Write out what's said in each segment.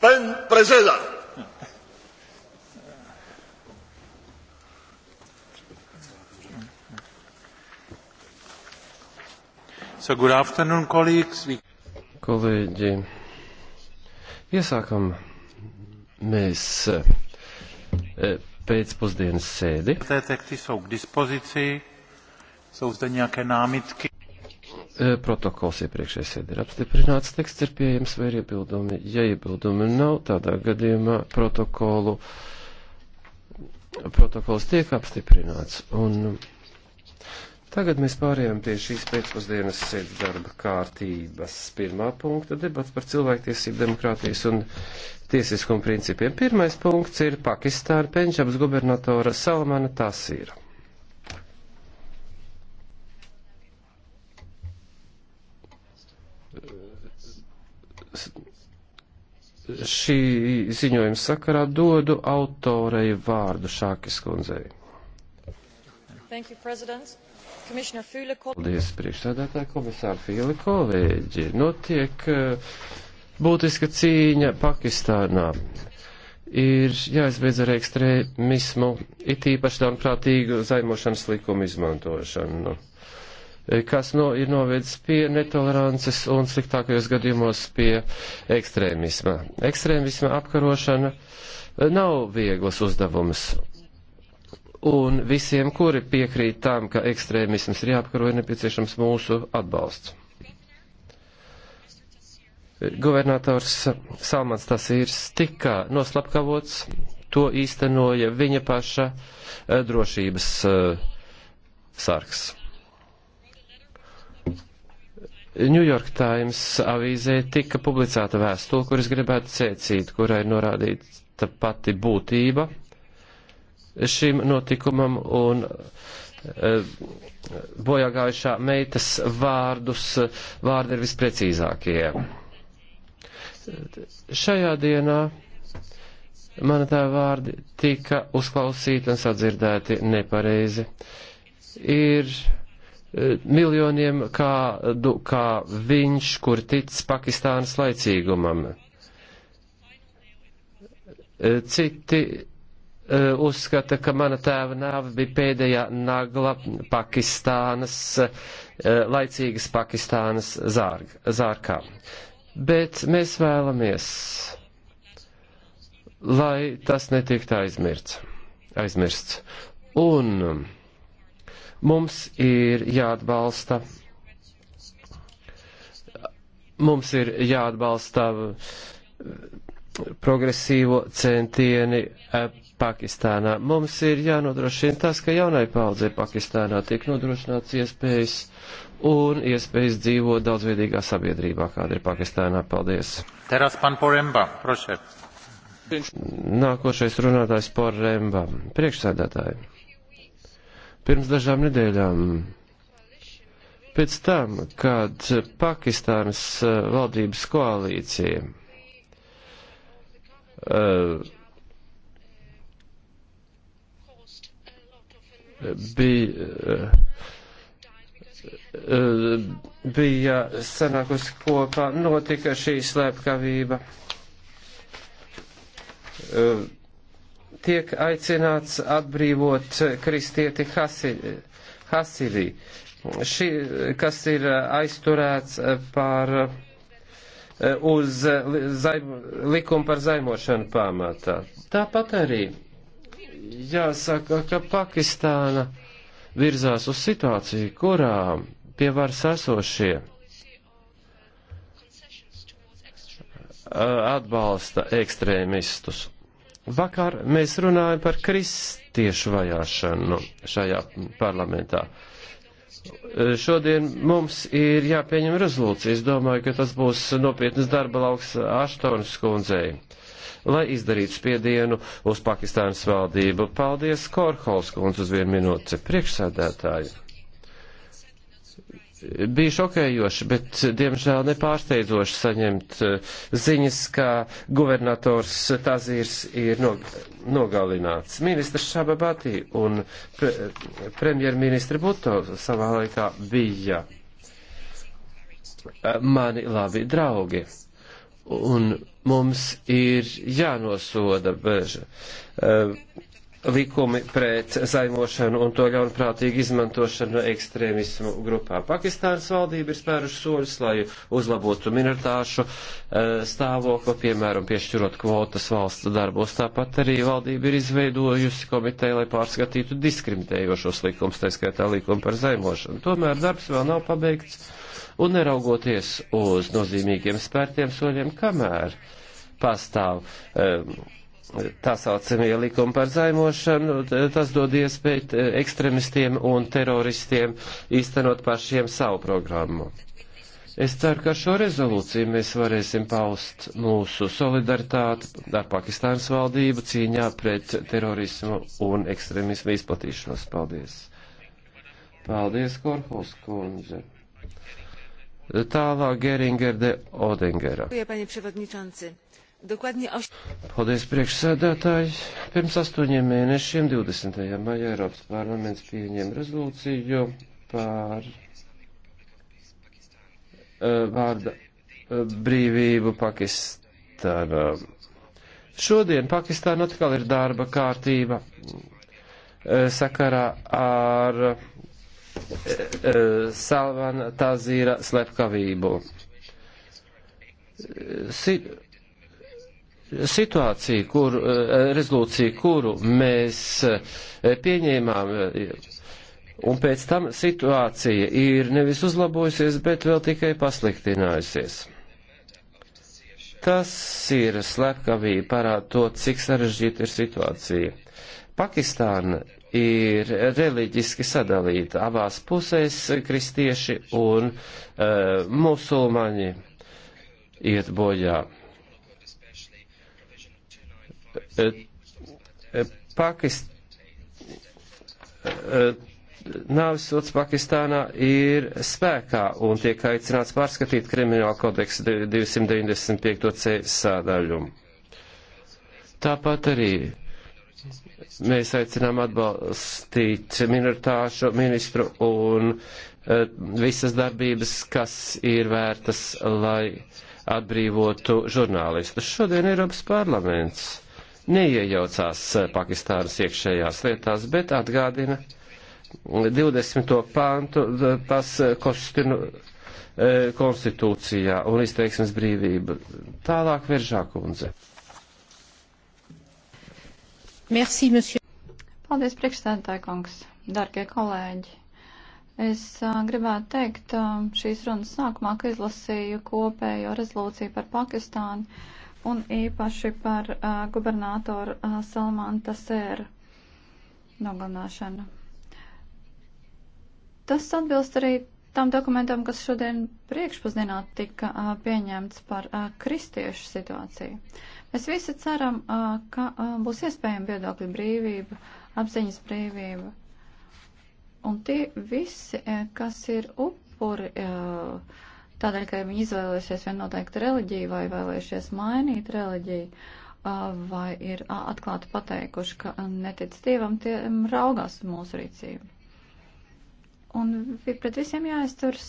Pan prezesa. So good afternoon, colleagues. We... Kolēģi, iesākam mēs eh, pēcpusdienas sēdi. Té texty jsou k dispozici, jsou zde nějaké námitky. Eh, protokols iepriekšējais sēdē ir apstiprināts, teksts ir pieejams vai ir iebildumi. Ja iebildumi nav, tādā gadījumā protokolu, protokols tiek apstiprināts. Un tagad mēs pārējām pie šīs pēcpusdienas sēdes darba kārtības pirmā punkta debats par cilvēktiesību, demokrātijas un tiesiskuma principiem. Pirmais punkts ir Pakistāna penčabas gubernatora Salmana Tasīra. šī ziņojuma sakarā dodu autorei vārdu Šākis kundzei. Thank you, President. Paldies, priekšsēdētāji, komisāri Fīli kolēģi. Notiek nu, eh, būtiska cīņa Pakistānā. Ir jāizbeidz ar ekstrēmismu, it īpaši ļaunprātīgu zaimošanas likumu izmantošanu. Eh, kas no, ir novedis pie netolerances un sliktākajos gadījumos pie ekstrēmisma. Ekstrēmisma apkarošana eh, nav vieglas uzdevums. Un visiem, kuri piekrīt tam, ka ekstrēmisms ir jāapkaro, ir nepieciešams mūsu atbalsts. Guvernators Salmans Tasīrs tika noslapkavots, to īstenoja viņa paša eh, drošības sargs. New York Times avīzē tika publicēta vēstule, kuras gribētu cēcīt, kurai ir norādīta pati būtība šim notikumam un e, bojāgājušā meitas vārdus, vārdi ir visprecīzākie. Šajā dienā mana tā vārdi tika uzklausīti un sadzirdēti nepareizi. Ir miljoniem kādu, kā viņš, kur tic Pakistānas laicīgumam. E, citi e, uzskata, ka mana tēva nāve bija pēdējā nagla Pakistānas, e, laicīgas Pakistānas zārg, zārkā. Bet mēs vēlamies, lai tas netiktu aizmirts. aizmirsts. Un Mums ir jāatbalsta. Mums ir jāatbalsta progresīvo centieni eh, Pakistānā. Mums ir jānodrošina tas, ka jaunai paudzei Pakistānā tiek nodrošināts iespējas un iespējas dzīvot daudzveidīgā sabiedrībā, kāda ir Pakistānā. Paldies! Teraz pan Poremba, prošē. Nākošais runātājs Poremba, priekšsēdētāji pirms dažām nedēļām. Pēc tam, kad Pakistānas eh, valdības koalīcija uh, eh, bija, uh, eh, bija sanākusi kopā, notika šī slēpkavība. Uh, tiek aicināts atbrīvot kristieti Hasidī, kas ir aizturēts par uz zaim, likumu par zaimošanu pamatā. Tāpat arī jāsaka, ka Pakistāna virzās uz situāciju, kurā pie varas esošie atbalsta ekstrēmistus. Vakar mēs runājam par kristiešu vajāšanu šajā parlamentā. Šodien mums ir jāpieņem rezolūcija. Es domāju, ka tas būs nopietnas darba lauks Aštonas kundzei, lai izdarītu spiedienu uz Pakistānas valdību. Paldies, Korhols kundze, uz vienu minūti priekšsēdētāju bija šokējoši, bet diemžēl nepārsteidzoši saņemt eh, ziņas, ka guvernators Tazīrs ir no, nogalināts. Ministrs Šababatī un pre, premjerministri Buto savā laikā bija eh, mani labi draugi. Un mums ir jānosoda beža. Uh, eh, likumi pret zaimošanu un to ļaunprātīgu izmantošanu ekstrēmismu grupām. Pakistānas valdība ir spēruši soļus, lai uzlabotu minoritāšu eh, stāvokli, piemēram, piešķirot kvotas valsts darbos. Tāpat arī valdība ir izveidojusi komiteju, lai pārskatītu diskriminējošos likumus, tā skaitā likumu par zaimošanu. Tomēr darbs vēl nav pabeigts un neraugoties uz nozīmīgiem spērtiem soļiem, kamēr pastāv. Um, tā saucamie likumi par zaimošanu, tas dod iespēju ekstremistiem un teroristiem īstenot pašiem savu programmu. Es ceru, ka ar šo rezolūciju mēs varēsim paust mūsu solidaritāti ar Pakistānas valdību cīņā pret terorismu un ekstremismu izplatīšanos. Paldies! Paldies, Korhos kundze! Tālāk Geringer de Odengera. Paldies, Dokładnie oś... Paldies, priekšsēdētāji. Pirms astoņiem mēnešiem, 20. maijā, Eiropas parlaments pieņēma rezolūciju par uh, vārda uh, brīvību Pakistānā. Šodien Pakistāna atkal ir darba kārtība eh, sakarā ar Salvana Tazīra slepkavību. Si situācija, kur, eh, rezolūcija, kuru mēs eh, pieņēmām, eh, un pēc tam situācija ir nevis uzlabojusies, bet vēl tikai pasliktinājusies. Tas ir slepkavība parāda to, cik sarežģīta ir situācija. Pakistāna ir reliģiski sadalīta abās pusēs - kristieši un uh, musulmaņi iet bojā. Eh, eh, Pakist... Eh, Nāvis sots Pakistānā ir spēkā un tiek aicināts pārskatīt krimināla kodeksa 295. c sādaļu. Tāpat arī mēs aicinām atbalstīt minoritāšu ministru un uh, visas darbības, kas ir vērtas, lai atbrīvotu žurnālistus. Šodien Eiropas parlaments neiejaucās eh, Pakistānas iekšējās lietās, bet atgādina 20. pāntu eh, pas eh, Kostinu konstitūcijā un izteiksmes brīvība. Tālāk veržā kundze. Merci, monsieur. Paldies, priekšstādātāji kungs, dargie kolēģi. Es uh, gribētu teikt uh, šīs runas sākumā, ka izlasīju kopējo rezolūciju par Pakistānu un īpaši par uh, gubernatoru uh, Salmānu Tasēru nogalināšanu. Tas atbilst arī tam dokumentam, kas šodien priekšpusdienā tika a, pieņemts par a, kristiešu situāciju. Mēs visi ceram, a, ka a, būs iespējama viedokļa brīvība, apziņas brīvība. Un tie visi, a, kas ir upuri a, tādēļ, ka viņi izvēlēsies vienu noteiktu reliģiju vai vēlēšies mainīt reliģiju, vai ir atklāti pateikuši, ka netic Dievam, tie raugās mūsu rīcību. Un pret visiem jāizturas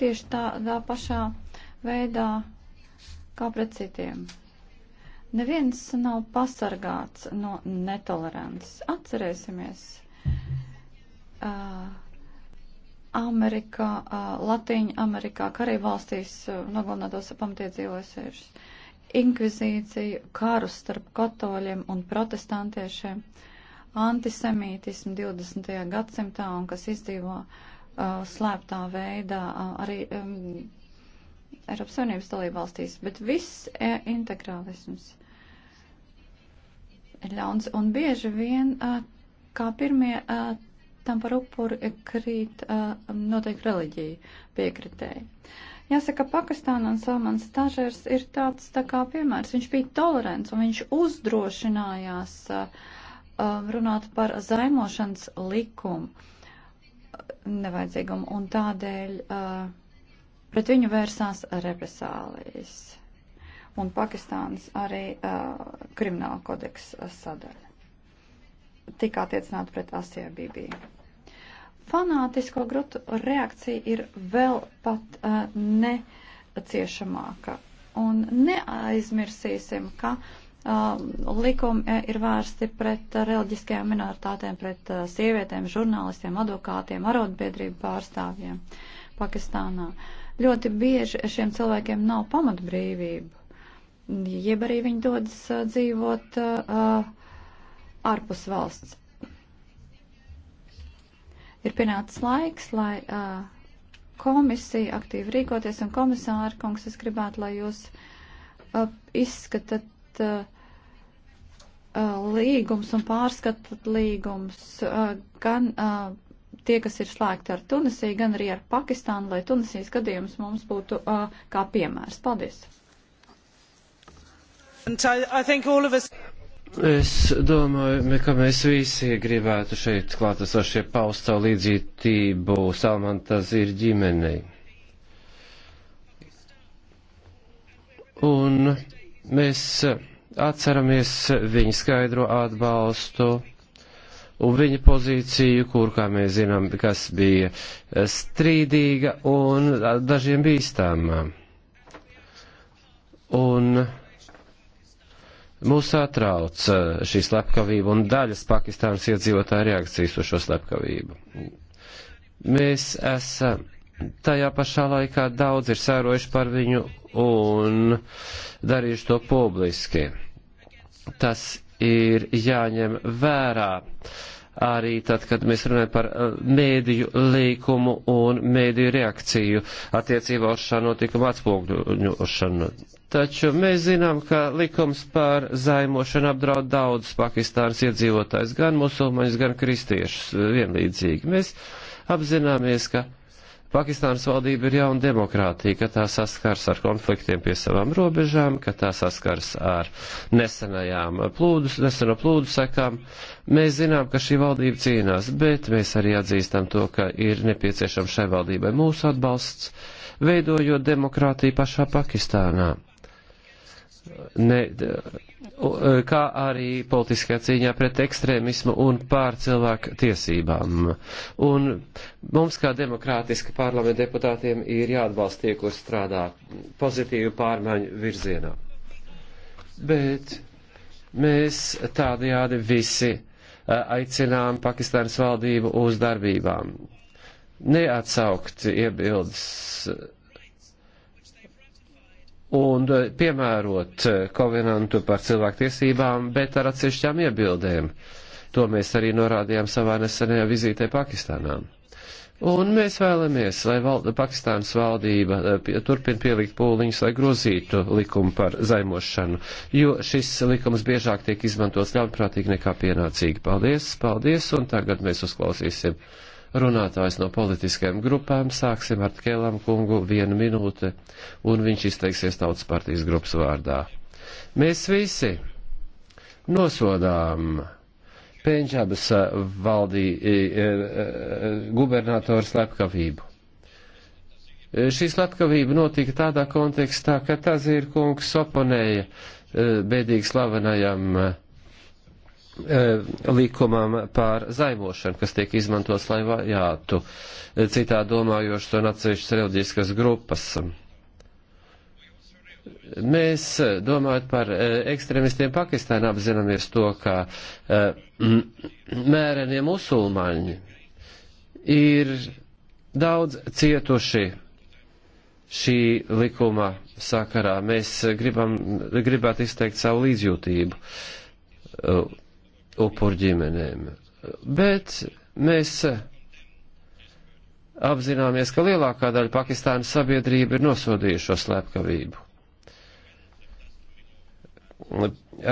tieši tādā pašā veidā kā pret citiem. Neviens nav pasargāts no netolerants. Atcerēsimies. Uh, Amerikā, Latīņa Amerikā, kā arī valstīs nogalinātos pamatiedzīvotājus. Inkvizīcija, karus starp katoļiem un protestantiešiem, antisemītismu 20. gadsimtā un kas izdzīvo uh, slēptā veidā uh, arī um, Eiropas Savienības dalībvalstīs, bet viss e integrālisms ir ļauns un bieži vien uh, kā pirmie uh, tam par upuri krīt uh, noteikti reliģija piekritēji. Jāsaka, Pakistāna un Salmans Tažers ir tāds tā kā piemērs. Viņš bija tolerants un viņš uzdrošinājās uh, runāt par zaimošanas likumu nevajadzīgumu un tādēļ uh, pret viņu vērsās represālijas. Un Pakistānas arī uh, krimināla kodeksa sadaļa tika attiecināta pret Asijā Bībī. Fanātisko grutu reakcija ir vēl pat uh, neciešamāka. Un neaizmirsīsim, ka uh, likumi ir vērsti pret reliģiskajām minoritātēm, pret uh, sievietēm, žurnālistiem, advokātiem, arotbiedrību pārstāvjiem Pakistānā. Ļoti bieži šiem cilvēkiem nav pamatbrīvību, jeb arī viņi dodas uh, dzīvot. Uh, ārpus valsts. Ir pienācis laiks, lai uh, komisija aktīvi rīkoties, un komisāra kungs, es gribētu, lai jūs uh, izskatat uh, līgums un pārskatat līgums uh, gan uh, tie, kas ir slēgti ar Tunisiju, gan arī ar Pakistānu, lai Tunisijas gadījums mums būtu uh, kā piemērs. Paldies! And I, I think all of us... Es domāju, ka mēs visi gribētu šeit klātesošie paust savu līdzītību Salmantas ir ģimenei. Un mēs atceramies viņa skaidro atbalstu un viņa pozīciju, kur, kā mēs zinām, kas bija strīdīga un dažiem bīstāmā. Un Mūs atrauc eh, šī slepkavība un daļas Pakistānas iedzīvotāja reakcijas uz šo slepkavību. Mēs esam tajā pašā laikā daudz ir sērojuši par viņu un darījuši to publiski. Tas ir jāņem vērā. Uh, arī tad, kad mēs runājam par eh, mēdīju līkumu un mēdīju reakciju attiecībā uz šā notikuma atspogļošanu. Taču mēs zinām, ka likums par zaimošanu apdraud daudzus Pakistānas iedzīvotājus, gan musulmaņus, gan kristiešus vienlīdzīgi. Mēs apzināmies, ka Pakistānas valdība ir jauna demokrātija, ka tā saskars ar konfliktiem pie savām robežām, ka tā saskars ar nesenajām plūdus, neseno plūdu sekām. Mēs zinām, ka šī valdība cīnās, bet mēs arī atzīstam to, ka ir nepieciešams šai valdībai mūsu atbalsts, veidojot demokrātiju pašā Pakistānā. Ne, E, kā arī politiskajā cīņā pret ekstrēmismu un pār cilvēku tiesībām. Un mums, kā demokrātiski parlamenta deputātiem, ir jāatbalsta tie, kur strādā pozitīvu pārmaiņu virzienā. Bet mēs tādajādi visi e, aicinām Pakistānas valdību uz darbībām. Neatsaukt iebildes un e, piemērot e, kovenantu par cilvēktiesībām, bet ar atsevišķām iebildēm. To mēs arī norādījām savā nesenajā vizītē Pakistānā. Un mēs vēlamies, lai valda, Pakistānas valdība e, turpina pielikt pūliņus, lai grozītu likumu par zaimošanu, jo šis likums biežāk tiek izmantots ļaunprātīgi nekā pienācīgi. Paldies, paldies, un tagad mēs uzklausīsim runātājs no politiskajām grupām. Sāksim ar Kēlam kungu vienu minūte, un viņš izteiksies tautas partijas grupas vārdā. Mēs visi nosodām Pendžabas eh, valdī eh, eh, gubernatoru slepkavību. Šī slepkavība notika tādā kontekstā, ka Tazīr kungs oponēja bēdīgi slavenajam uh, E, likumam pār zaimošanu, kas tiek izmantots, lai vajātu e, citā domājošas un atsevišķas reliģiskas grupas. Mēs, e, domājot par ekstremistiem Pakistānā, apzināmies to, ka mērenie musulmaņi ir daudz cietuši šī likuma sakarā. Mēs gribam, gribētu izteikt savu līdzjūtību upuru ģimenēm. Bet mēs apzināmies, ka lielākā daļa Pakistānas sabiedrība ir nosodījušo slepkavību.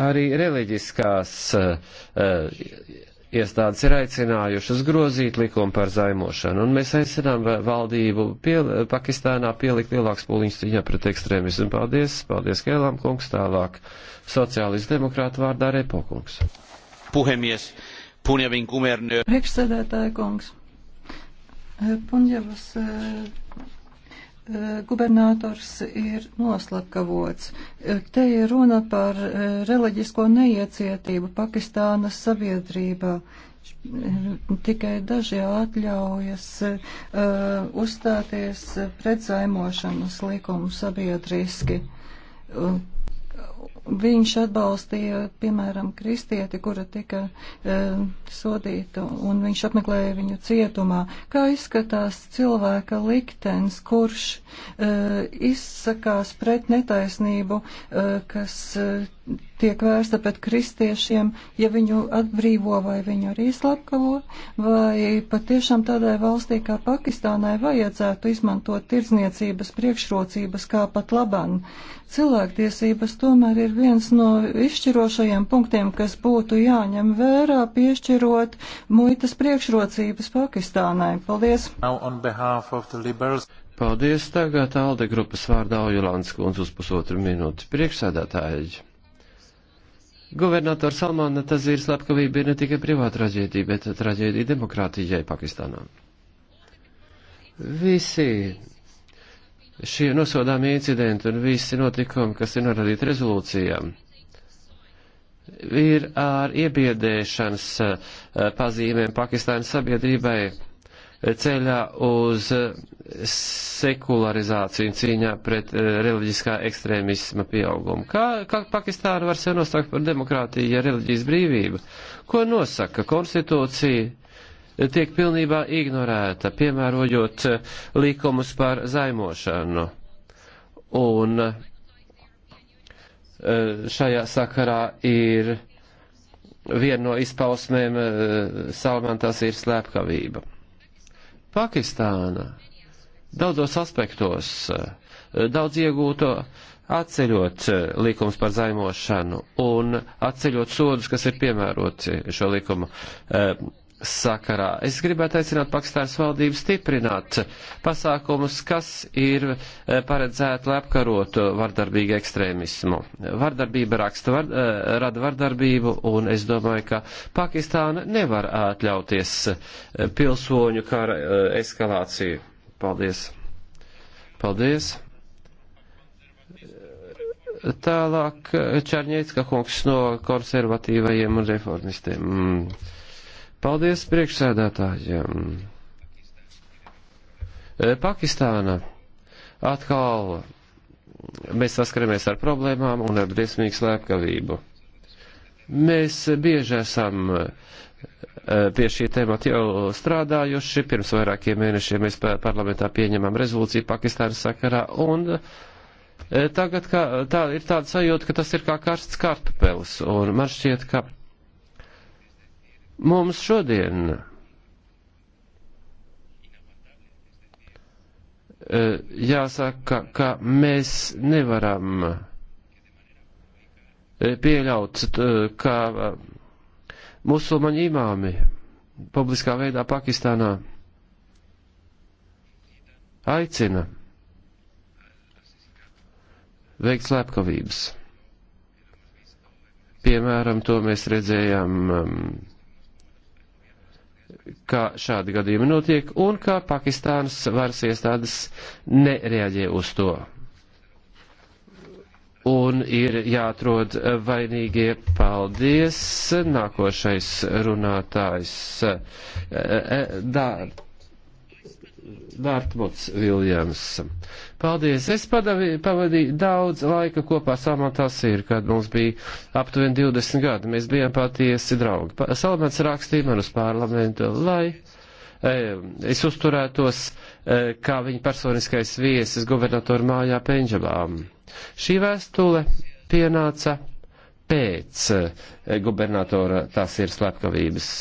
Arī reliģiskās uh, iestādes ir aicinājušas grozīt likumu par zaimošanu, un mēs aicinām valdību piel, Pakistānā pielikt lielāks pūliņš cīņā pret ekstrēmismu. Paldies, paldies Kēlām kungs, tālāk sociālistu demokrātu vārdā Repokungs puhemies. Punjavin kumernöö. Priekšsēdētāja kungs. Eh, Punjavas eh, eh, gubernators ir noslapkavots. Te ir runa par reliģisko neiecietību Pakistānas sabiedrībā. Tikai daži atļaujas uh, uzstāties pret zaimošanas likumu sabiedriski. Uh, Viņš atbalstīja, piemēram, kristieti, kura tika e, sodīta, un viņš apmeklēja viņu cietumā. Kā izskatās cilvēka liktenis, kurš e, izsakās pret netaisnību, e, kas e, tiek vērsta pret kristiešiem, ja viņu atbrīvo vai viņu arī slepkavo, vai patiešām tādai valstī kā Pakistānai vajadzētu izmantot tirdzniecības priekšrocības kā pat laban. Cilvēktiesības tomēr ir ir viens no izšķirošajiem punktiem, kas būtu jāņem vērā, piešķirot muitas priekšrocības Pakistānai. Paldies! Paldies tagad Alde grupas vārdā Ojolāns Kunz uz pusotru minūti. Priekšsēdētāji! Guvernators Salmāna Tazīra slepkavība ir ne tikai privāta traģēdija, bet traģēdija demokrātijai Pakistānā. Visi šie nosodāmie incidenti un visi notikumi, kas ir norādīti rezolūcijām, ir ar iebiedēšanas eh, pazīmēm Pakistānas sabiedrībai ceļā uz eh, sekularizāciju cīņā pret eh, reliģiskā ekstrēmisma pieaugumu. Kā, kā Pakistāna var sev nostākt par demokrātiju, ja reliģijas brīvība? Ko nosaka konstitūcija? tiek pilnībā ignorēta, piemērojot eh, likumus par zaimošanu. Un eh, šajā sakarā ir viena no izpausmēm eh, Salmantas ir slēpkavība. Pakistāna daudzos aspektos daudz iegūto atceļot likums par zaimošanu un atceļot sodus, kas ir piemēroti šo likumu sakarā. Es gribētu aicināt Pakistānas valdību stiprināt pasākumus, kas ir eh, paredzēti, lai apkarotu vardarbīgu ekstrēmismu. Vardarbība raksta, var, eh, rada vardarbību, un es domāju, ka Pakistāna nevar atļauties eh, pilsoņu kara eskalāciju. Paldies! Paldies! Tālāk Čarņēcka kungs no konservatīvajiem un reformistiem. Mm. Paldies priekšsēdētājiem. E, Pakistāna atkal mēs saskaramies ar problēmām un ar briesmīgu slēpkavību. Mēs bieži esam e, pie šī temata jau strādājuši. Pirms vairākiem mēnešiem mēs parlamentā pieņemam rezolūciju Pakistānas sakarā un e, tagad kā, tā ir tāda sajūta, ka tas ir kā karsts kartupelis un man šķiet, ka Mums šodien e, jāsaka, ka mēs nevaram e, pieļaut, e, ka musulmaņu imāmi publiskā veidā Pakistānā aicina veikt slepkavības. Piemēram, to mēs redzējām um, kā šādi gadījumi notiek un kā Pakistānas varas iestādes nereaģē uz to. Un ir jāatrod vainīgie. Paldies. Nākošais runātājs. Eh, eh, eh, Dārts. Dārtmuts Viljams. Paldies! Es padavi, pavadīju daudz laika kopā Samantā Sīru, kad mums bija aptuveni 20 gadi. Mēs bijām patiesi draugi. Salamants rakstīja man uz parlamentu, lai e, es uzturētos e, kā viņa personiskais viesis gubernatoru mājā Pendžabām. Šī vēstule pienāca pēc e, gubernatora tās ir slepkavības.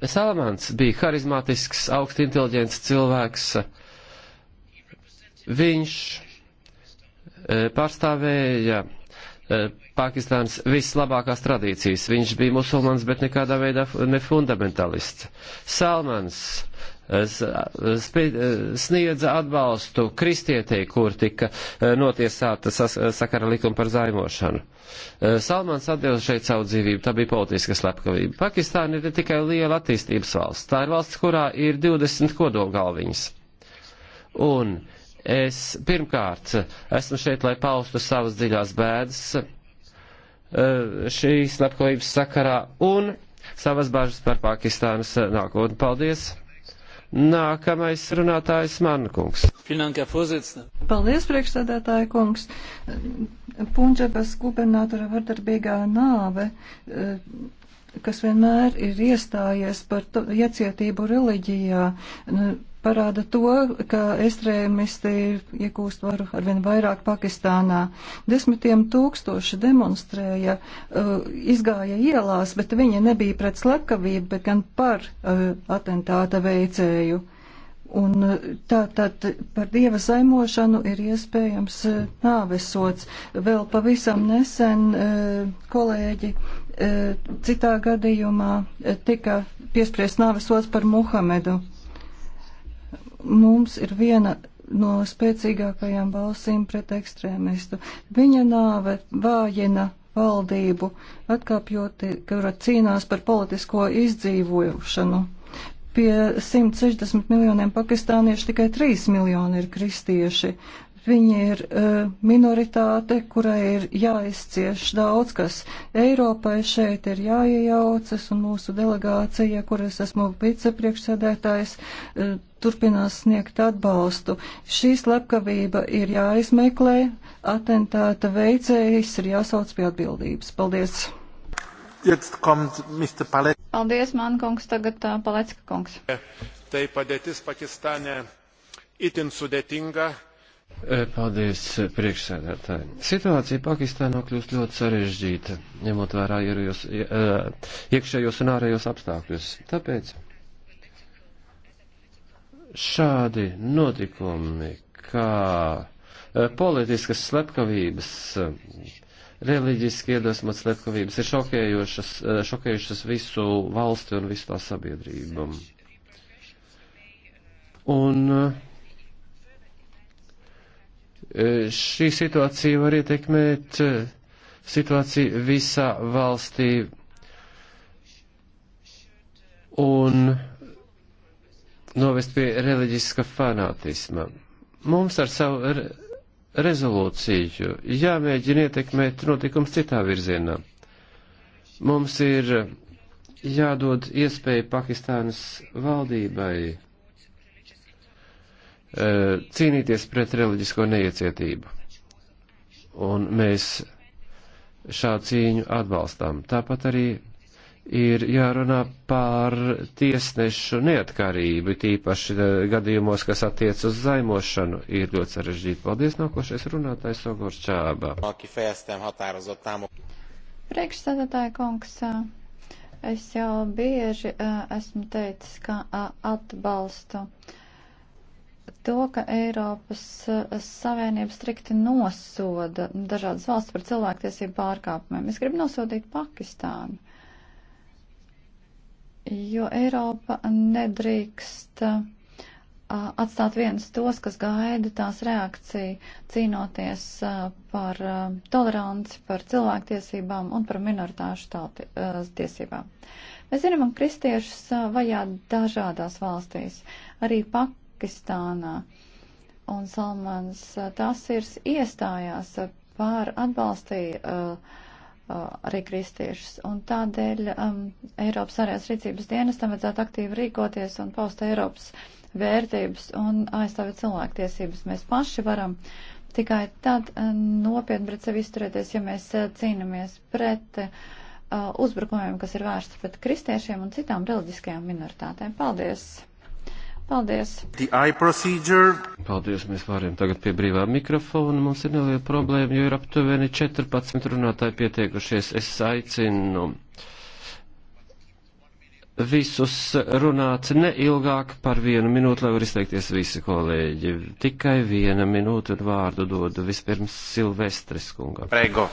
Salamans bija harizmātisks, augsti inteliģents cilvēks. Viņš e, pārstāvēja e, Pakistānas vislabākās tradīcijas. Viņš bija musulmans, bet nekādā veidā ne fundamentalists. Salmans sniedza atbalstu kristietei, kur tika e, notiesāta sakara likuma par zaimošanu. E, Salmans atdeva šeit savu dzīvību, tā bija politiska slepkavība. Pakistāna ir ne tikai liela attīstības valsts, tā ir valsts, kurā ir 20 kodolgalviņas. Un es pirmkārt esmu šeit, lai paustu savas dziļās bēdas e, šīs slepkavības sakarā un savas bažas par Pakistānas nākotni. Paldies! Nākamais runātājs Mankungs. Paldies, priekšsēdētāja kungs. Punģebas gubernatora vardarbīgā nāve eh, kas vienmēr ir iestājies par to, iecietību reliģijā, nu, parāda to, ka estrēmisti iegūst varu arvien vairāk Pakistānā. Desmitiem tūkstoši demonstrēja, uh, izgāja ielās, bet viņi nebija pret slepkavību, bet gan par uh, atentāta veicēju. Un uh, tātad par dieva zaimošanu ir iespējams nāvesots. Vēl pavisam nesen kolēģi citā gadījumā tika piespriezt nāvesots par Muhamedu mums ir viena no spēcīgākajām balsīm pret ekstrēmistu. Viņa nāve vājina valdību, atkāpjot, kura cīnās par politisko izdzīvošanu. Pie 160 miljoniem pakistāniešu tikai 3 miljoni ir kristieši. Viņi ir e, minoritāte, kurai ir jāizcieš daudz kas. Eiropai šeit ir jāiejaucas, un mūsu delegācija, kuras esmu vicepriekšsēdētājs, e, turpinās sniegt atbalstu. Šī slepkavība ir jāizmeklē, atentāta veicējs ir jāsauc pie atbildības. Paldies! Paldies, man kungs, tagad uh, Palecka kungs. Tai padėtis Pakistane itin sudėtinga E, paldies, priekšsēdētāji. Situācija Pakistānā kļūst ļoti sarežģīta, ņemot vērā ierujos, e, iekšējos un ārējos apstākļus. Tāpēc šādi notikumi, kā e, politiskas slepkavības, reliģiski iedvesmot slepkavības, ir šokējošas, šokējušas visu valsti un visu tā sabiedrību. Un uh, E, šī situācija var ietekmēt e, situāciju visā valstī. Un novest pie reliģiska fanātisma. Mums ar savu re rezolūciju jāmēģina ietekmēt notikums citā virzienā. Mums ir jādod iespēja Pakistānas valdībai E, cīnīties pret reliģisko neiecietību. Un mēs šādu cīņu atbalstām. Tāpat arī ir jārunā par tiesnešu neatkarību, tīpaši e, gadījumos, kas attiec uz zaimošanu, ir ļoti sarežģīti. Paldies, nākošais runātājs Ogors Čābā. Priekšstādātāja kungs, e, es jau bieži esmu teicis, ka atbalstu uh, to, ka Eiropas eh, Savienība strikti nosoda dažādas valsts par cilvēktiesību pārkāpumiem. Es gribu nosodīt Pakistānu, jo Eiropa nedrīkst eh, atstāt viens tos, kas gaida tās reakciju, cīnoties eh, par toleranci, par cilvēktiesībām un par minoritāšu tauti, tiesībām. Mēs zinām, ka kristiešus vajā dažādās valstīs. Arī pak Pakistānā. Un Salmans eh, Tasirs iestājās eh, par atbalstīju uh, eh, arī kristiešus. Un tādēļ um, Eiropas arējās rīcības dienestam vajadzētu aktīvi rīkoties un paust Eiropas vērtības un aizstāvēt cilvēktiesības. Mēs paši varam tikai tad um, nopietni pret sevi izturēties, ja mēs uh, cīnamies pret uh, uzbrukumiem, kas ir vērsti pret kristiešiem un citām reliģiskajām minoritātēm. Paldies! Paldies! Paldies, mēs varam tagad pie brīvā mikrofona. Mums ir neliela problēma, jo ir aptuveni 14 runātāji pieteikušies. Es aicinu visus runāt neilgāk par vienu minūtu, lai var izteikties visi kolēģi. Tikai viena minūte un vārdu dodu vispirms Silvestris kungam. Prego.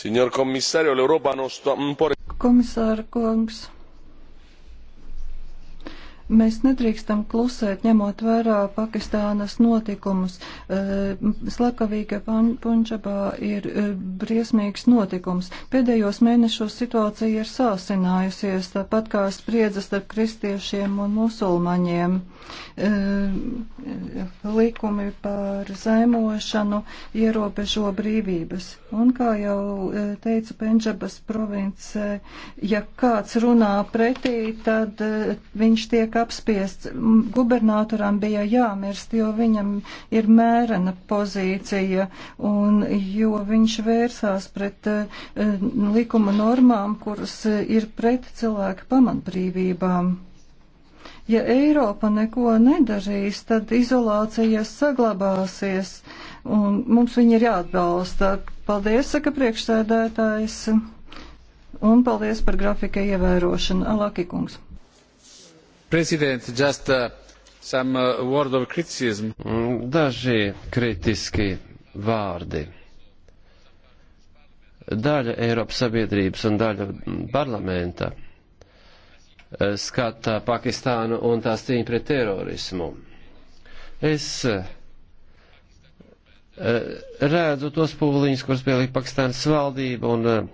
Signor komisārio, Eiropa nostā un por. Komisāra kungs. Mēs nedrīkstam klusēt, ņemot vērā Pakistānas notikumus. Eh, slepkavīga Punčabā ir eh, briesmīgs notikums. Pēdējos mēnešos situācija ir sāsinājusies, tāpat kā spriedzes starp kristiešiem un musulmaņiem. Eh, likumi par zemošanu ierobežo brīvības. Un kā jau teicu, Punčabas provincē, ja kāds runā pretī, tad viņš tiek apspiests. Gubernatoram bija jāmirst, jo viņam ir mērena pozīcija un jo viņš vērsās pret eh, likuma normām, kuras eh, ir pret cilvēku pamatbrīvībām. Ja Eiropa neko nedarīs, tad izolācija saglabāsies, un mums viņi ir jāatbalsta. Paldies, saka priekšsēdētājs, un paldies par grafika ievērošanu. Alaki kungs. President, just uh, some uh, word of criticism. Mm, daži kritiski vārdi. Daļa Eiropas sabiedrības un daļa parlamenta uh, skata Pakistānu un tās cīņu pret terorismu. Es uh, Eh, redzu tos pūliņus, kurus pieliek Pakistānas valdība un eh,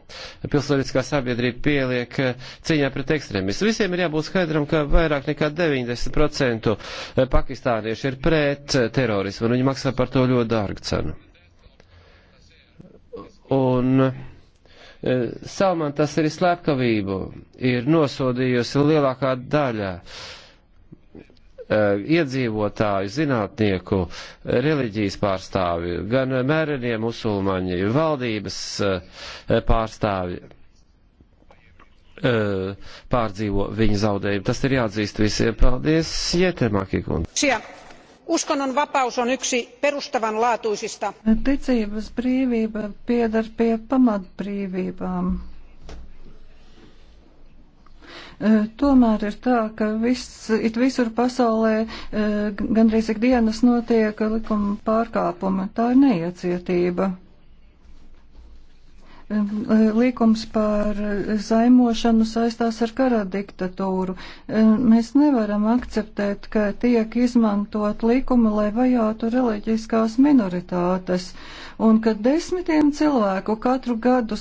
pilsoniskā sabiedrība pieliek eh, cīņā pret ekstrēmismu. Visiem ir jābūt skaidram, ka vairāk nekā 90% pakistānieši ir pret terorismu un viņi maksā par to ļoti dārgu cenu. Un Salman tas ir slepkavību, ir nosodījusi lielākā daļa uh, Eh, iedzīvotāju, zinātnieku, reliģijas pārstāvju, gan mērenie musulmaņi, valdības eh, pārstāvju eh, pārdzīvo viņa zaudējumu. Tas ir jāatzīst visiem. Paldies, Jetemaki kundze. Uskonnon vapaus on yksi perustavanlaatuisista. Ticības brīvība piedar pie pamatbrīvībām. Tomēr ir tā, ka viss, it visur pasaulē gandrīz ik dienas notiek likuma pārkāpuma. Tā ir neiecietība. Līkums par zaimošanu saistās ar kara diktatūru. Mēs nevaram akceptēt, ka tiek izmantot līkumu, lai vajātu reliģiskās minoritātes, un ka desmitiem cilvēku katru gadu,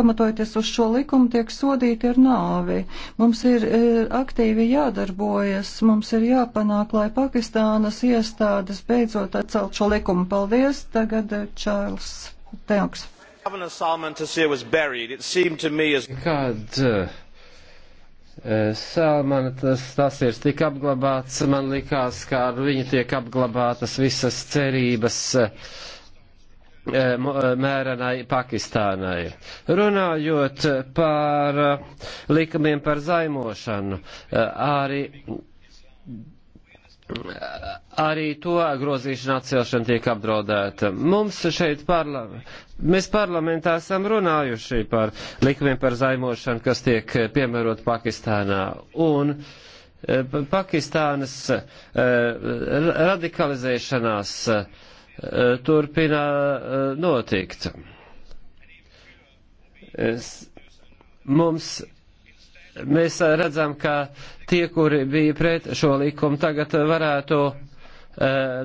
pamatojoties uz šo likumu, tiek sodīti ar nāvi. Mums ir e, aktīvi jādarbojas, mums ir jāpanāk, lai Pakistānas iestādes beidzot atcelt šo likumu. Paldies! Tagad e, Čārls Teoks. Kad eh, eh, Salmana tas, tas ir tik apglabāts, man likās, kā ar viņu tiek apglabātas visas cerības eh, mērenai Pakistānai. Runājot par likumiem par zaimošanu, arī arī to grozīšana atcelšana tiek apdraudēta. Mums šeit parla mēs parlamentā esam runājuši par likumiem par zaimošanu, kas tiek piemērot Pakistānā. Un e, Pakistānas e, radikalizēšanās e, turpina notikt. Es, mums mēs eh, redzam, ka tie, kuri bija pret šo likumu, tagad varētu eh,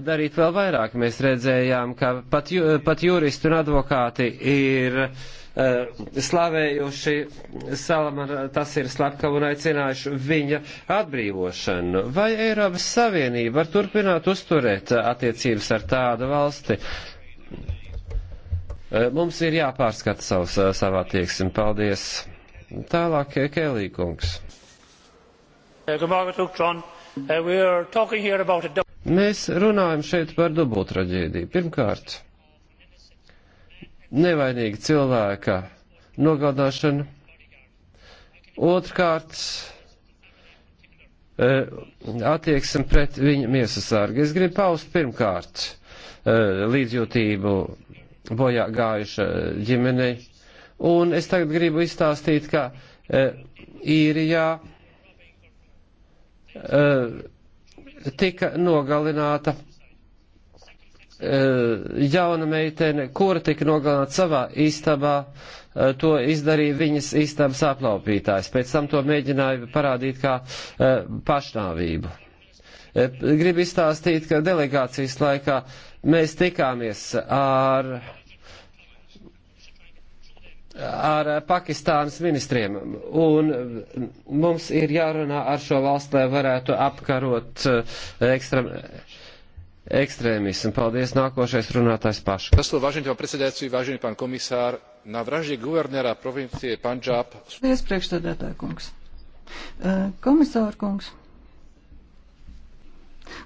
darīt vēl vairāk. Mēs redzējām, ka pat, ju, pat juristi un advokāti ir eh, slavējuši Salamana, tas ir slepkavu un aicinājuši viņa atbrīvošanu. Vai Eiropas Savienība var turpināt uzturēt attiecības ar tādu valsti? Mums ir jāpārskata savs, savā tieksmi. Paldies! Tālāk, eh, Kēlīkungs. Eh, eh, Mēs runājam šeit par dubultraģēdiju. Pirmkārt, nevainīga cilvēka nogalināšana. Otrkārt, attieksme pret viņa miesasārgu. Es gribu paust pirmkārt līdzjūtību bojā gājuša ģimenei. Un es tagad gribu izstāstīt, ka uh, īrijā uh, tika nogalināta e, jauna meitene, kura tika nogalināta savā istabā, to izdarīja viņas istabas aplaupītājs. Pēc tam to mēģināja parādīt kā pašnāvību. Gribu izstāstīt, ka delegācijas laikā mēs tikāmies ar ar eh, Pakistānas ministriem. Un eh, mums ir jārunā ar šo valstu, lai varētu apkarot eh, ekstrem, ekstrēmismu. Paldies, nākošais runātājs paši. Tas, vážení pán predsedajúci, vážený pán komisār, na vražde guvernéra provincie Pandžāb. Paldies, priekšstādētāj kungs. Komisār kungs.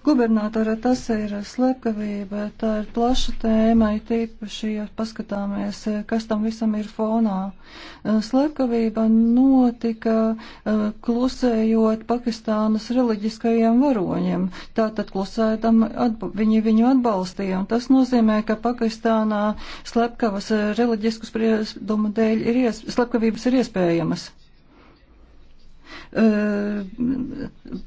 Gubernatora tas ir slepkavība, tā ir plaša tēma, it īpaši, ja paskatāmies, kas tam visam ir fonā. Slepkavība notika klusējot Pakistānas reliģiskajiem varoņiem, tātad klusētam viņi viņu atbalstīja, un tas nozīmē, ka Pakistānā slepkavas reliģiskus spriedumu dēļ ir ies, slepkavības ir iespējamas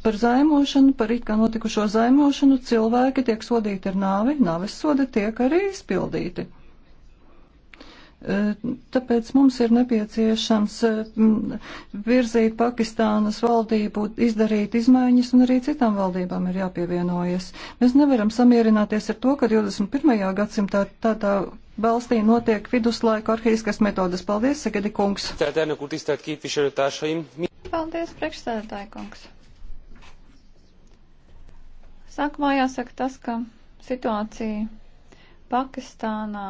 par zaimošanu, par it kā notikušo zaimošanu cilvēki tiek sodīti ar nāvi, nāves soda tiek arī izpildīti. Tāpēc mums ir nepieciešams virzīt Pakistānas valdību, izdarīt izmaiņas, un arī citām valdībām ir jāpievienojas. Mēs nevaram samierināties ar to, ka 21. gadsimtā tādā balstī notiek viduslaika arhīskas metodas. Paldies, Sagedi kungs! Paldies, priekšsēdētāji kungs! Sākumā jāsaka tas, ka situācija Pakistānā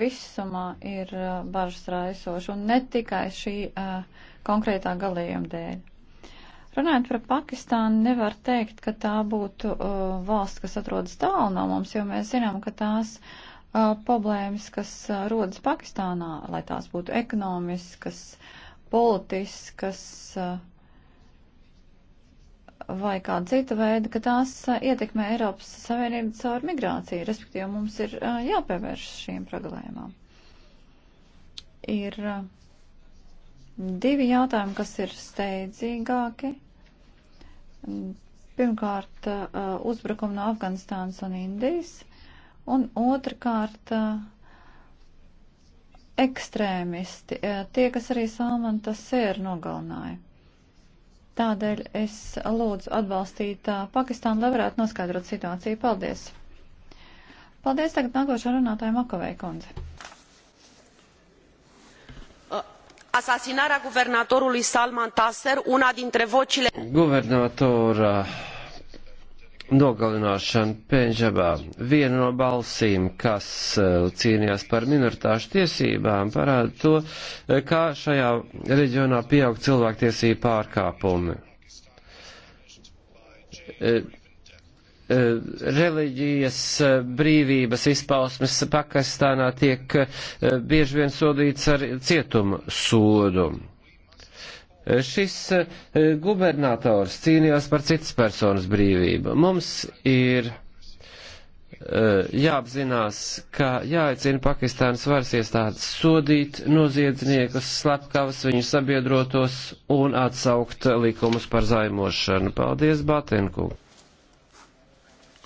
visumā ir bažas raisoša un ne tikai šī uh, konkrētā galījuma dēļ. Runājot par Pakistānu, nevar teikt, ka tā būtu uh, valsts, kas atrodas tālu no mums, jo mēs zinām, ka tās uh, problēmas, kas rodas Pakistānā, lai tās būtu ekonomiskas, politiskas vai kāda cita veida, ka tās ietekmē Eiropas Savienību caur migrāciju, respektīvi mums ir jāpievērš šīm problēmām. Ir divi jautājumi, kas ir steidzīgāki. Pirmkārt, uzbrukumi no Afganistānas un Indijas Un otrkārt, eh, ekstrēmisti, eh, tie, kas arī Salmanta sēru nogalināja. Tādēļ es lūdzu atbalstīt eh, Pakistānu, lai varētu noskaidrot situāciju. Paldies! Paldies tagad nākošā runātāja Makovei kundze. Asasinarea guvernatorului Salman Taser, una dintre vocile... Guvernatora nogalināšanu Pēņģabā. Viena no balsīm, kas eh, cīnījās par minoritāšu tiesībām, parāda to, eh, kā šajā reģionā pieaug cilvēktiesību pārkāpumi. Eh, reliģijas brīvības izpausmes Pakistānā tiek bieži vien sodīts ar cietumu sodu Šis eh, gubernators cīnījās par citas personas brīvību. Mums ir eh, jāapzinās, ka jāicina Pakistānas varas iestādes sodīt noziedzniekus, slepkavas, viņu sabiedrotos un atsaukt likumus par zaimošanu. Paldies, Batenku!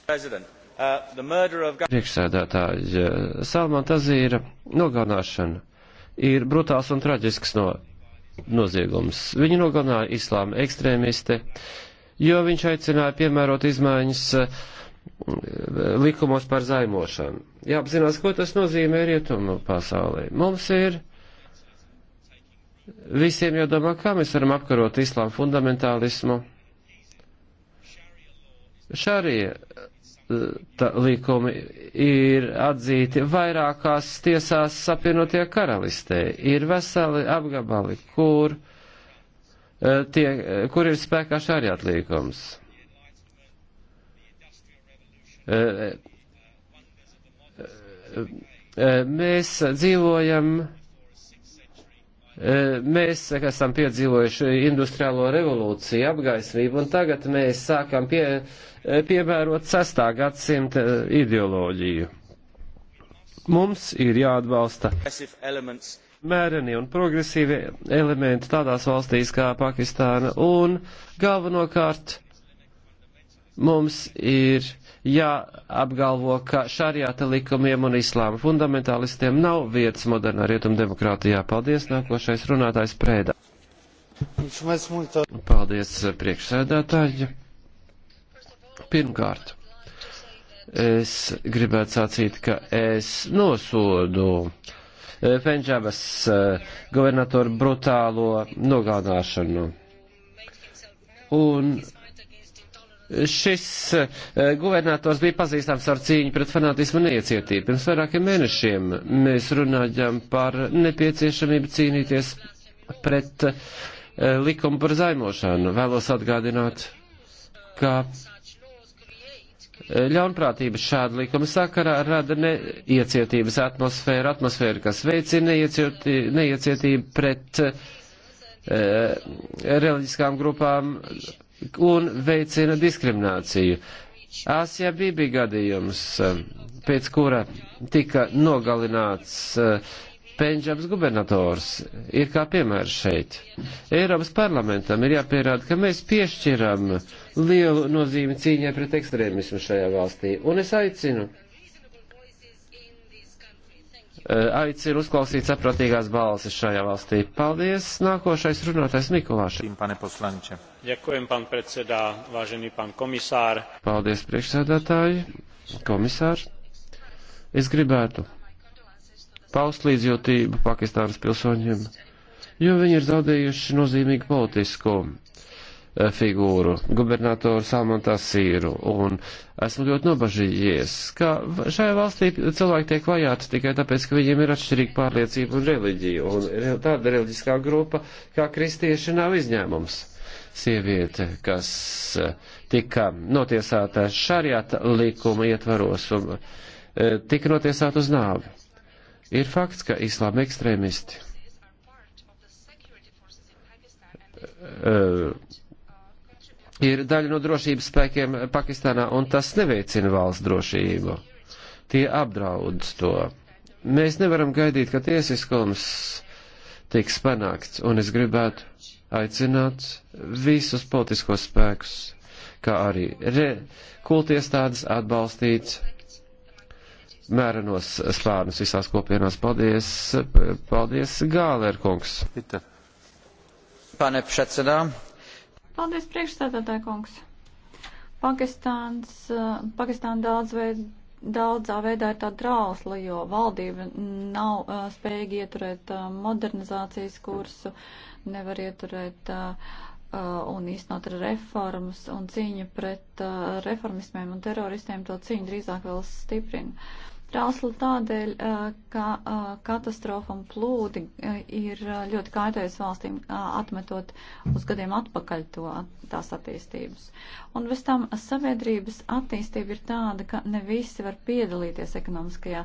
Uh, Priekšsēdētāji, uh, Salmanta Zīra nogalināšana ir brutāls un traģisks no noziegums. Viņu nogalināja islāma ekstrēmiste, jo viņš aicināja piemērot izmaiņas eh, likumos par zaimošanu. Jāapzinās, ko tas nozīmē rietumu pasaulē. Mums ir visiem jādomā, kā mēs varam apkarot islāma fundamentālismu. Šarija likumi ir atzīti vairākās tiesās apvienotie karalistē. Ir veseli apgabali, kur, e, tie, kur ir spēkā šāriāt līkums. E, e, mēs dzīvojam E, mēs esam piedzīvojuši industriālo revolūciju, apgaismību, un tagad mēs sākam pie, e, piemērot sestā gadsimta ideoloģiju. Mums ir jāatbalsta mēreni un progresīvi elementi tādās valstīs kā Pakistāna un galvenokārt Mums ir jāapgalvo, ka šariāta likumiem un islāma fundamentālistiem nav vietas modernā rietumdemokrātijā. Paldies, nākošais runātājs Prēdā. Paldies, priekšsēdētāji. Pirmkārt, es gribētu sacīt, ka es nosodu Pendžabas eh, eh, guvernatoru brutālo nogādāšanu. Un šis uh, guvernators bija pazīstams ar cīņu pret fanātismu un iecietību. Pirms vairākiem mēnešiem mēs runājām par nepieciešamību cīnīties pret uh, likumu par zaimošanu. Vēlos atgādināt, ka eh, ļaunprātības šāda likuma sakarā rada neiecietības atmosfēru, atmosfēru, kas veicina neiecietību, neiecietību pret uh, reliģiskām grupām, un veicina diskrimināciju. Āsijā bija bija gadījums, eh, pēc kura tika nogalināts eh, Pendžabs gubernators, ir kā piemērs šeit. Eiropas parlamentam ir jāpierāda, ka mēs piešķiram lielu nozīmi cīņai pret ekstrēmismu šajā valstī, un es aicinu Eh, aicinu uzklausīt saprotīgās balsis šajā valstī. Paldies! Nākošais runātais Mikulāši. Ďakujem, pán predsedā, vážený pán komisār. Paldies, priekšsēdētāji, komisār. Es gribētu paust līdzjūtību Pakistānas pilsoņiem, jo viņi ir zaudējuši nozīmīgu politisko Eh, figūru, gubernatoru Salmantasīru, un esmu ļoti nobažījies, ka šajā valstī cilvēki tiek vajāti tikai tāpēc, ka viņiem ir atšķirīga pārliecība un reliģija, un tāda reliģiskā grupa kā kristieši nav izņēmums. Sieviete, kas eh, tika notiesāta šarjata likuma ietvaros un eh, tika notiesāta uz nāvi. Ir fakts, ka islāma ekstrēmisti. Uh, ir daļa no drošības spēkiem Pakistānā, un tas neveicina valsts drošību. Tie apdraud to. Mēs nevaram gaidīt, ka tiesiskums tiks panākts, un es gribētu aicināt visus politiskos spēkus, kā arī kultiestādes atbalstīt mērenos spārnus visās kopienās. Paldies, paldies Gālērkungs. Pane predsedā, Paldies, priekšstādātāja kungs. Pakistāns, eh, Pakistāna daudz veid, daudzā veidā ir tā drausla, jo valdība nav uh, spējīga ieturēt uh, modernizācijas kursu, nevar ieturēt uh, un īstenot reformas, un cīņa pret uh, reformismiem un teroristiem to cīņu drīzāk vēl stiprina. Uh, Trausli tādēļ, ka katastrofa un plūdi ir ļoti kaitējusi valstīm atmetot uz gadiem atpakaļ to, tās attīstības. Un bez tam sabiedrības attīstība ir tāda, ka ne visi var piedalīties ekonomiskajā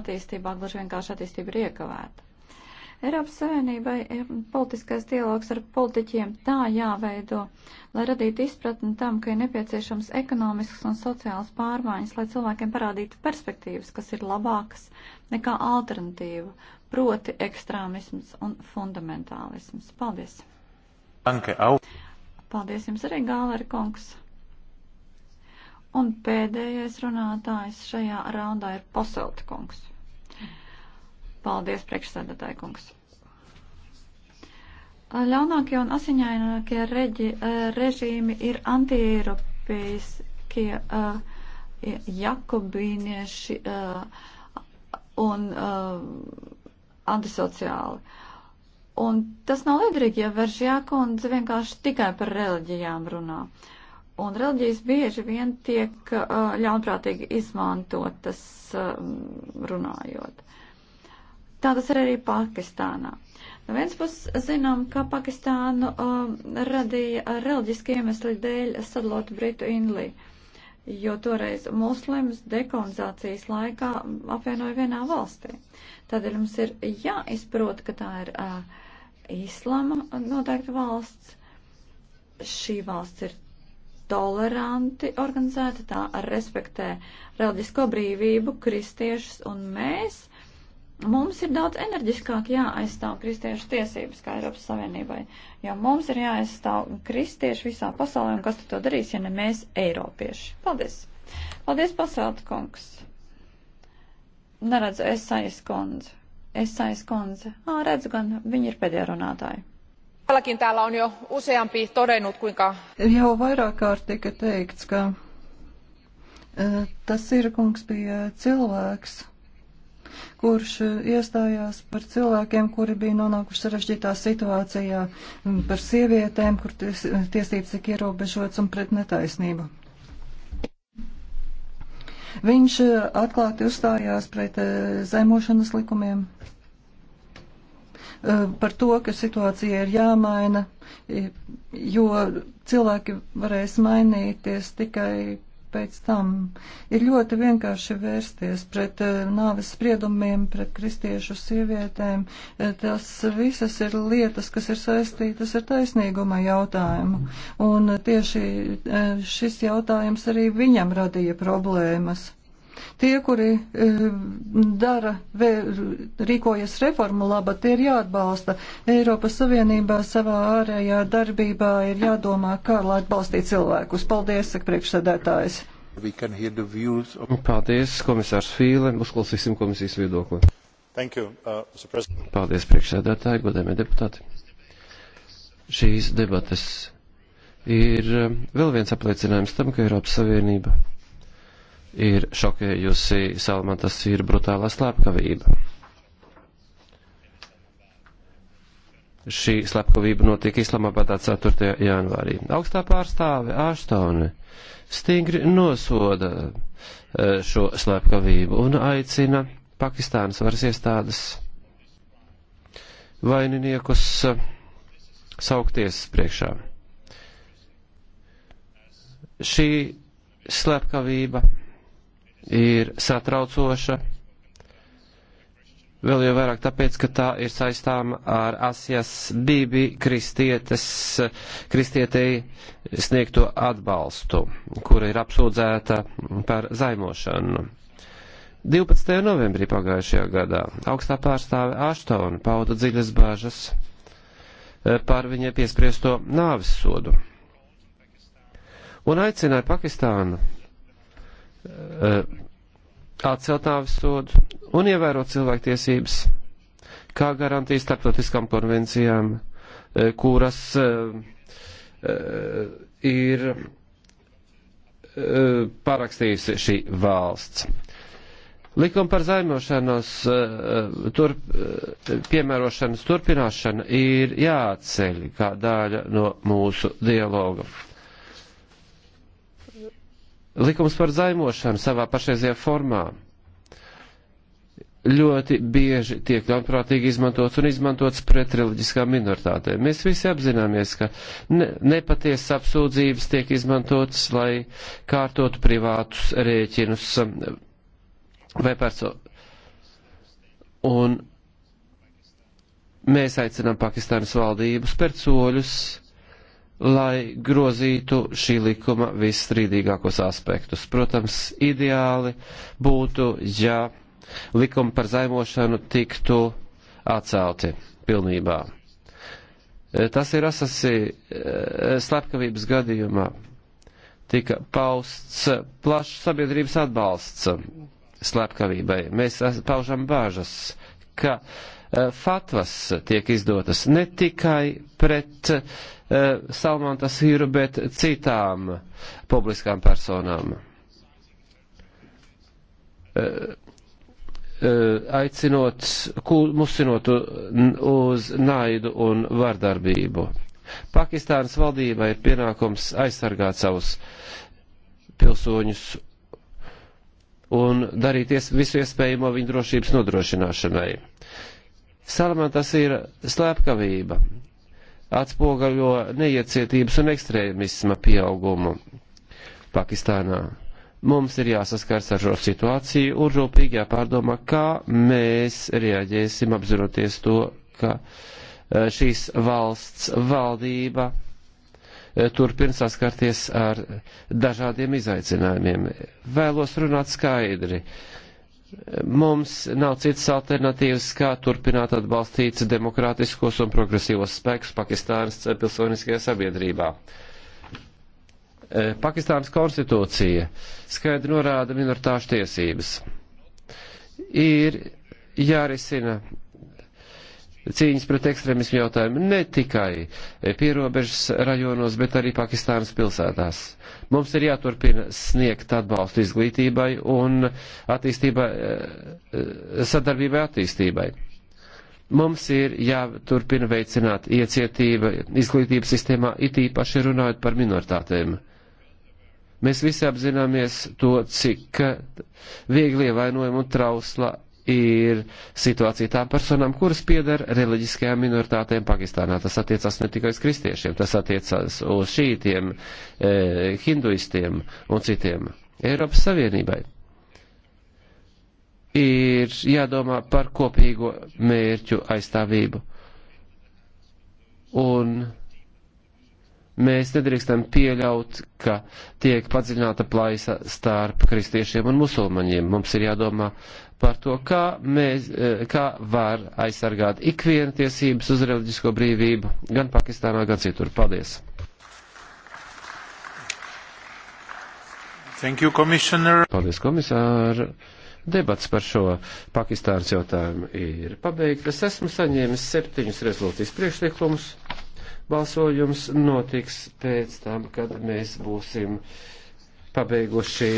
attīstībā, gluži vienkārši attīstība ir iekavēta. Eiropas Savienībai ir politiskais dialogs ar politiķiem tā jāveido, lai radītu izpratni tam, ka ir nepieciešams ekonomisks un sociāls pārmaiņas, lai cilvēkiem parādītu perspektīvas, kas ir labākas nekā alternatīva, proti ekstrēmisms un fundamentālisms. Paldies! Anke, au! Paldies jums arī, Gāleri kungs! Un pēdējais runātājs šajā raundā ir Poselta kungs. Paldies, priekšsēdētāji kungs. Ļaunākie un asiņainākie reģi, eh, režīmi ir antieiropeiskie eh, jakobīnieši eh, un antisociāli. Un tas nav liederīgi, ja veržjāka un vienkārši tikai par reliģijām runā. Un reliģijas bieži vien tiek ļaunprātīgi izmantotas runājot. Uh, Tā tas ir arī Pakistānā. No viens puses zinām, ka Pakistānu um, radīja reliģiski iemesli dēļ sadalot Britu Inlī, jo toreiz muslims dekolonizācijas laikā apvienoja vienā valstī. Tādēļ mums ir jāizprot, ka tā ir uh, islama noteikta valsts. Šī valsts ir toleranti organizēta, tā respektē reliģisko brīvību, kristiešus un mēs mums ir daudz enerģiskāk jāaizstāv kristiešu tiesības kā Eiropas Savienībai, jo mums ir jāaizstāv kristieši visā pasaulē, un kas tad to darīs, ja ne mēs, eiropieši. Paldies! Paldies, pasauta kungs! Neredzu Esais kundze. Esais kundze. Ā, redzu gan, viņi ir pēdējā runātāja. Täälläkin täällä on jo useampi todennut, kuinka... Jau vairāk kārt tika teikts, ka uh, tas ir kungs bija cilvēks, kurš eh, iestājās par cilvēkiem, kuri bija nonākuši sarežģītā situācijā, par sievietēm, kur ties, tiesības tik ierobežotas un pret netaisnību. Viņš eh, atklāti uzstājās pret eh, zemošanas likumiem, par to, ka situācija ir jāmaina, jo cilvēki varēs mainīties tikai pēc tam. Ir ļoti vienkārši vērsties pret eh, nāves spriedumiem, pret kristiešu sievietēm. Eh, tas visas ir lietas, kas ir saistītas ar taisnīguma jautājumu. Un tieši eh, šis jautājums arī viņam radīja problēmas. Tie, kuri eh, dara, rīkojas reformu laba, tie ir jāatbalsta. Eiropas Savienībā savā ārējā darbībā ir jādomā, kā lai atbalstītu cilvēkus. Paldies, saka priekšsēdētājs. Of... Nu, paldies, komisārs Fīle. Uzklausīsim komisijas viedokli. Thank you, uh, Paldies, priekšsēdētāji, godējumie deputāti. Šīs debates ir eh, vēl viens apliecinājums tam, ka Eiropas Savienība ir šokējusi Salmatas ir brutālā slepkavība. Šī slepkavība notika Islamabadā 4. janvārī. Augstā pārstāve Ārstone stingri nosoda e, šo slepkavību un aicina Pakistānas varas iestādes vaininiekus saukties priekšā. Šī slepkavība ir satraucoša. Vēl jau vairāk tāpēc, ka tā ir saistāma ar Asijas divi kristietei sniegto atbalstu, kura ir apsūdzēta par zaimošanu. 12. novembrī pagājušajā gadā augstā pārstāve Aštona pauda dziļas bāžas eh, par viņai piespriesto nāvis sodu un aicināja Pakistānu Eh, atcelt nāvis sodu un ievērot cilvēktiesības, kā garantija starptautiskām konvencijām, eh, kuras eh, ir parakstījusi šī valsts. Likuma par zaimošanos turp, piemērošanas turpināšana ir jāatceļ kā daļa no mūsu dialoga. Likums par zaimošanu savā pašreizajā formā ļoti bieži tiek ļaunprātīgi izmantots un izmantots pret reliģiskām minoritātēm. Mēs visi apzināmies, ka ne, nepatiesas apsūdzības tiek izmantotas, lai kārtotu privātus rēķinus um, vai personu. Un mēs aicinām Pakistānas valdību spērt soļus lai grozītu šī likuma visstrīdīgākos aspektus. Protams, ideāli būtu, ja likumi par zaimošanu tiktu atcelti pilnībā. Tas ir asasi eh, slepkavības gadījumā. Tika pausts plašs sabiedrības atbalsts slepkavībai. Mēs paužam bāžas, ka eh, fatvas tiek izdotas ne tikai pret uh, Eh, Salmantas Hiru, bet citām publiskām personām. Eh, eh, aicinot, musinot uz naidu un vardarbību. Pakistānas valdībai ir pienākums aizsargāt savus pilsoņus un darīt visu iespējamo viņu drošības nodrošināšanai. Salamantas ir slēpkavība, atspoguļo neiecietības un ekstrēmisma pieaugumu Pakistānā. Mums ir jāsaskars ar šo situāciju un rūpīgi jāpārdomā, kā mēs reaģēsim apzinoties to, ka e, šīs valsts valdība e, turpina saskarties ar dažādiem izaicinājumiem. Vēlos runāt skaidri. Uh, mums nav citas alternatīvas, kā turpināt atbalstīt demokrātiskos un progresīvos spēkus Pakistānas pilsoniskajā sabiedrībā. Eh, Pakistānas konstitūcija skaidri norāda minoritāšu tiesības. Ir jārisina cīņas pret ekstremismu jautājumu ne tikai pierobežas rajonos, bet arī Pakistānas pilsētās. Mums ir jāturpina sniegt atbalstu izglītībai un attīstībai, eh, sadarbībai attīstībai. Mums ir jāturpina veicināt iecietība izglītības sistēmā, it īpaši runājot par minoritātēm. Mēs visi apzināmies to, cik viegli ievainojumi un trausla ir situācija tām personām, kuras piedara reliģiskajām minoritātēm Pakistānā. Tas attiecas ne tikai uz kristiešiem, tas attiecas uz šītiem, eh, hinduistiem un citiem Eiropas Savienībai. Ir jādomā par kopīgo mērķu aizstāvību. Un Mēs nedrīkstam pieļaut, ka tiek padziļināta plaisa starp kristiešiem un musulmaņiem. Mums ir jādomā par to, kā, mēs, eh, kā var aizsargāt ikvienu tiesības uz reliģisko brīvību gan Pakistānā, gan citur. Paldies! Thank you, komisār. Paldies, komisār! Debats par šo Pakistānas jautājumu ir pabeigtas. Esmu saņēmis septiņus rezolūcijas priekšlikumus. Balsojums notiks pēc tam, kad mēs būsim pabeiguši